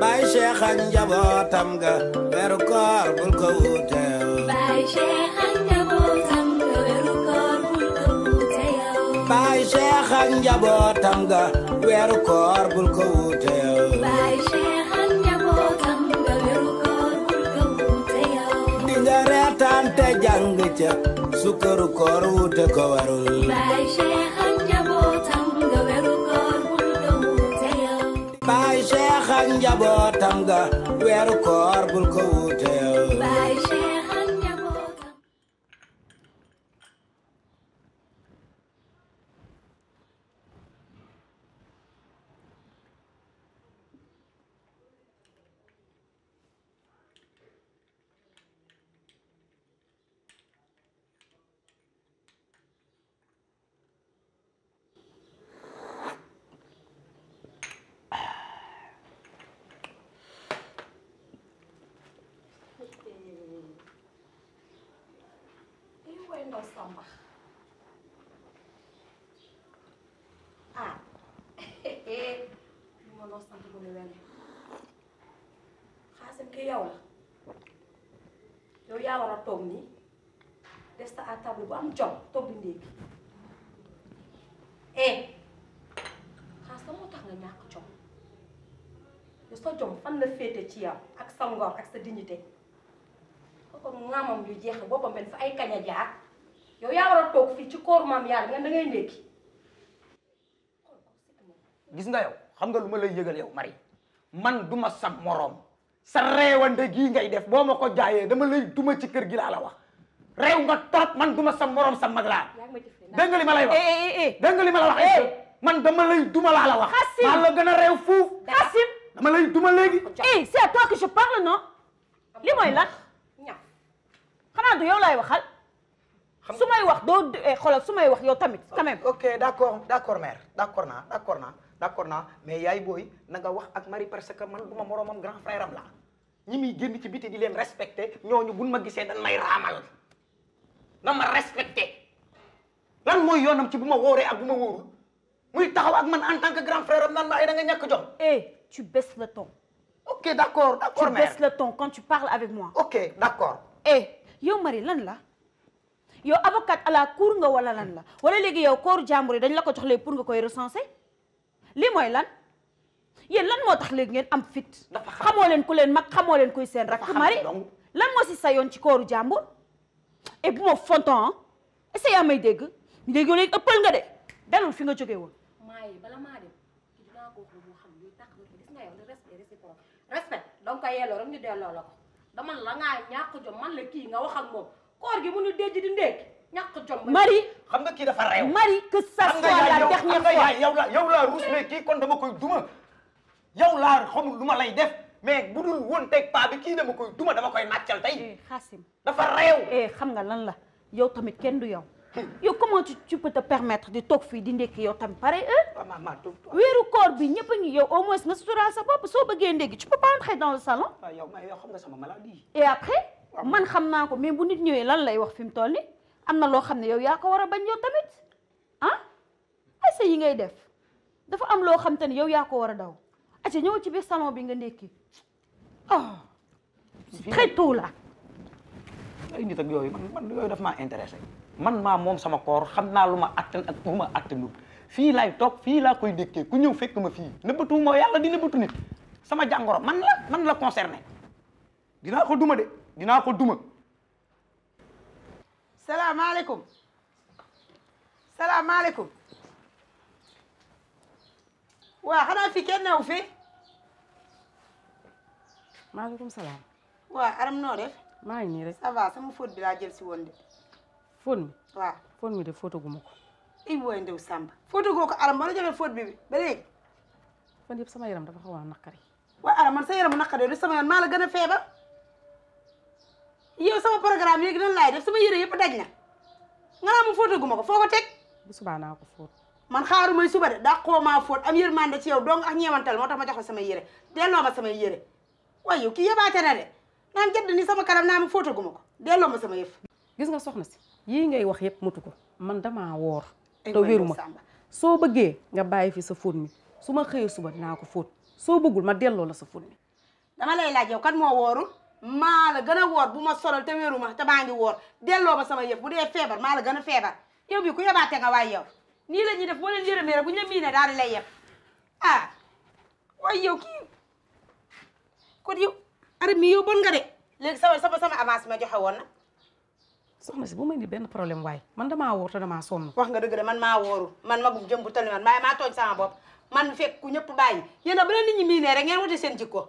bay Cheikh ak njabootam ga weeru koor bul ko wuute bay Cheikh ak njabootam ga weeru koor bul ko wuute bay Cheikh ak njabootam ga weeru koor bul ko wuute bay Cheikh ak njabootam ga weeru koor bul ko wuute di nga reetaan te jàng ca sukkaru koor wuute ko warul bay Cheikh njaboot am ga weeru koor bul ko nggak sampah. Ah, hehehe, lu sant bu ne wele xaasim ki yow la yow yaa war a toog nii def sa table bu am jom togg ndéeg eh xaas la moo tax nga ñàkk jom yow sa jom fan la féete ci yow ak sa ngor ak sa dignité kooku ŋaamam yu jeex boppam benn fa ay kañ a jaar yow ya war a toog ci kóor maam yaa nga ngay gis nga yow xam nga luma lay yow mari man duma sab morom sa rewande gi ngay def boo ko dama lay duma ci kër gi la la wax rew nga top man duma sab morom sa magla eh eh eh, li ma eh, wax dégg li ma la wax eh. man dama lay duma la la wax ma la gëna rew fu dama lay duma legi eh c'est à toi que je parle non li mooy lan xana du yow lay waxal su may wax doo eh, xoolal su may wax yow tamit quand même ok d'accord d'accord mère d'accord naa d'accord naa d'accord naa mais yaay booy na nga wax ak Marie parce que man ma moroomam grand frère am la ñi muy génn ci biti di leen respecté ñooñu buñ ma gisee dañ may raamal na ma respecté lan mooy yoonam ci bu ma wóoree ak bu ma wóorul muy taxaw ak man en tant que grand frère am nan ma ay da nga ñàkk jom eh tu baisses le ton ok d'accord d'accord mère tu baisses le ton quand tu parles avec moi ok d'accord eh yow Marie lan la yow avocat à cour nga wala lan la wala léegi yow kooru jàmbur yi dañ la ko jox léegi pour nga koy recenser li mooy lan yéen lan moo tax léegi ngeen am fit xamoo leen ku leen mag xamoo leen kuy seen rakk mari lan moo si sa yoon ci kooru jàmbur et bu ma fonton may dégg léegi léegi ëppal nga de dalul fi nga jógee woon maayi bala maa dem ci gis nga yow le respect réciproque respect donc yelloo rek ñu delloo la ko dama la ngaa ñàkk jom man la kii nga wax ak moom koor gi mënu déj di ndékki ñàkk jom Marie xam nga kii dafa réew Marie que ça soit la dernière fois yow la yow la ruus mais kii kon dama koy duma yow laa xamul lu ma lay def mais bu dul woon teg paa bi kii dama koy duma dama koy nàccal tey Xaasim eh, dafa réew eh, xam nga lan la yow tamit kenn du yow hmm. yow comment tu tu peux te permettre di toog fii di ndekki yow tamit pare ah, weeru koor bi ñëpp a ngi yow au moins nga suturaal sa bopp soo bëggee ndekki tu peux pas entrer dans le salon ah, yow ma yow xam nga sama maladie et après man xam naa ko mais bu nit ñëwee lan lay wax fi mu toll ni am na loo xam ne yow yaa ko war a bañ yow tamit ah ayca yi ngay def dafa am loo xam te ne yow yaa ko war a daw ayca ñëw ci biir salon bi nga ndékki oh c'est très tôt là ak yooyu man man yooyu daf maa intéressé man maa moom sama koor xam naa lu ma attan ak lu ma attanul fii laay toog fii laa koy dékkee ku ñëw fekk ma fii nëbbatu moo yàlla di nëbbatu nit sama jàngoro man la man la concerné dinaa ko duma de dinaa ko duma salaamaaleykum salaamaaleykum waa xanaa fi kenn newu fi maaleykum salaam waa aram noo def maa ngi nii rek ça va sama fóot bi laa jël si woon de fóot mi waaw fóot mi de fóotaguma ko i wooy ndew sàmba fóotagoo ko aram bala jëlee fóot bi bi ba léegi fan yëpp sama yaram dafa xaw a naqari waa aram man sa yaram naqari du sama yoon maa la gën a feebar yow sama programme léegi nan laay def sama yére yëpp daj na nga naa ma fóotaguma ko foo ko teg bu subaa naa ko fóot man xaaru may suba de dàqoo maa fóot am yërmande ci yow dong ak ñeewantal moo tax ma jox sama yére delloo ma sama yére waaye kii yëbaate na de naan jënd ni sama kanam naa ma fóotaguma ko delloo ma sama yëf gis nga soxna si yii ngay wax yëpp mutu ko man damaa woor te wéruma soo bëggee nga bàyyi fi sa fóot mi su ma xëyee suba dinaa ko fóot soo bëggul ma delloo la sa fóot mi dama lay laaj yow kan moo woorul maa la gën a woor bu ma solal te wéeru ma te maa ngi woor delloo ma sama yëf bu dee feebar maa la gën a feebar yow bi ku yabaate nga waay yow nii la ñuy def boo leen yërëmee rek bu ñu la miinee daal di lay yeb ah waay yow kii kon yow arab mi yow bon nga de léegi sama sama sama avance ma joxe woon na soxna si bu may ni benn problème waaye man damaa woor te damaa sonn wax nga dëgg de man maa wooru man magum jëm bu tali man maa maa tooñ sama bopp man fekk ku ñëpp bàyyi yéen a ba leen nit ñi miinee rek ngeen wute seen jikko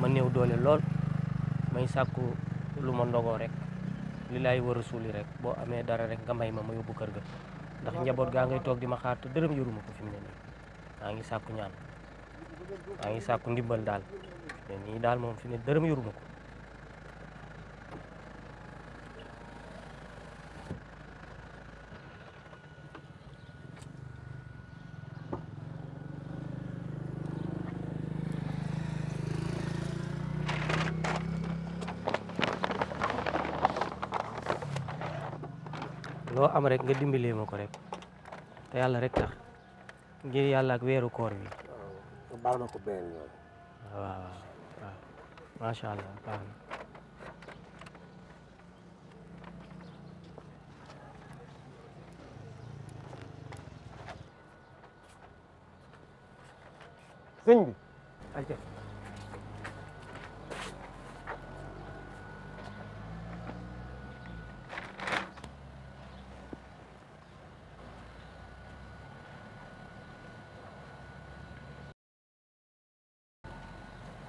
ma néew doole lool may sàkku lu ma ndogoo rek li laay war a suuli rek boo amee dara rek nga may ma ma yóbbu kër ga ndax njaboot gaa ngay toog di ma xaar te dërëm yoruma ko fi mu ne nii maa ngi sàkku ñaan maa ngi sàkku ndimbal daal te nii daal moom fi ne dërëm yoruma ko loo am rek nga dimbalee ma ko rek te yàlla rek tax ngir yàlla ak weeru koor bi. waaw ko benn allah baax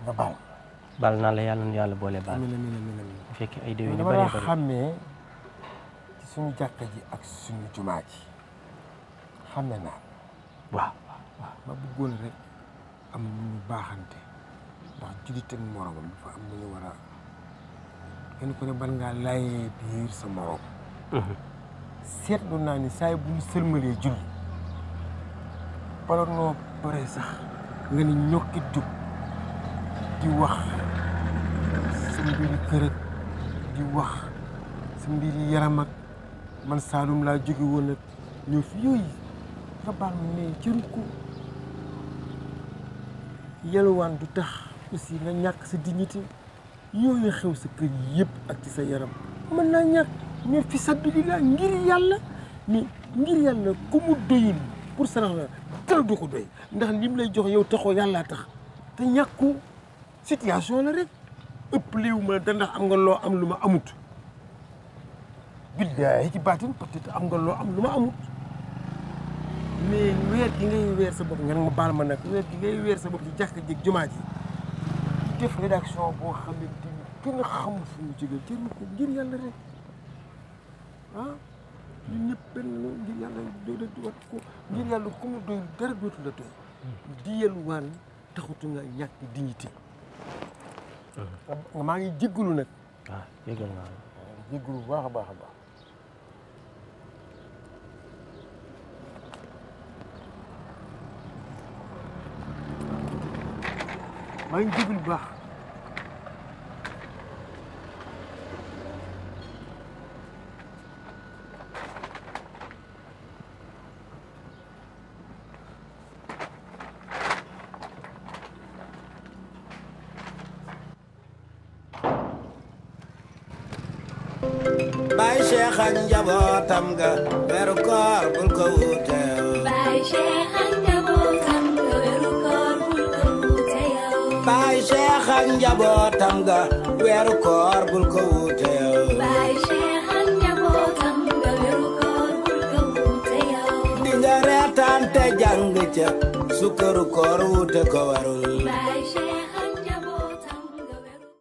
nga baal baal naa la yàlla na yàlla boole baal amiin amiin amiin amiin bu ay déwén yu bari bari xàmmee ci suñu jàkka ji ak suñu jumaa ji xàmme naa waaw ma bëggoon rek am ñu baaxante ndax jullit ak moromam dafa am ñu war a kenn ne bal ngaa laayee biir sa morom mhm. seetlu naa ni saa bu ñu sëlmalee julli baloon bare sax nga ni ñokki jub di wax si mbiri kër ak di wax si mbiri yaram ak man Saalum laa jóge woon ak ñëw fi yooyu nga baal ma ne jëru ko yelwaan du tax aussi nga ñàkk sa dignité yooyu xew si kër yëpp ak ci sa yaram mën naa ñàkk mais fi sabilillah ngir yàlla mais ngir yàlla ku mu doyul pour sarax la dara du ko doy ndax lim lay jox yow taxoo yàllaa tax te ñàkku situation la rek ëpp liw ma te ndax am nga loo am lu ma amut biddaay ci baatin peut-être am nga loo am lu ma amut mais weer gi ngay weer sa bopp ngeen ma baal ma nag weer gi ngay weer sa bopp ci jàkk ji jumaa ji def rédaction boo xamante ni kenn xamul fu mu jógee jër ma ko ngir yàlla rek ah ñun ñëpp ngir yàlla doy wat ko ngir yàlla ku doy dara dootu la doy hmm. diyal waan taxutu nga ñàkk dignité maa ngi jégalu nag. waaw ah, jégalu naa jégalu bu baax a ngi Baye Cheikh ak njabootam ga weeru koor bul ko wuute Baye Cheikh ak njabootam ga weeru koor bul ko wuute yow Baye Cheikh ak njabootam ga weeru koor bul ko wuute yow Baye Cheikh ak njabootam ga weeru koor bul ko wuute yow di nga reetaan te jàng ca sukkaru koor wuute ko warul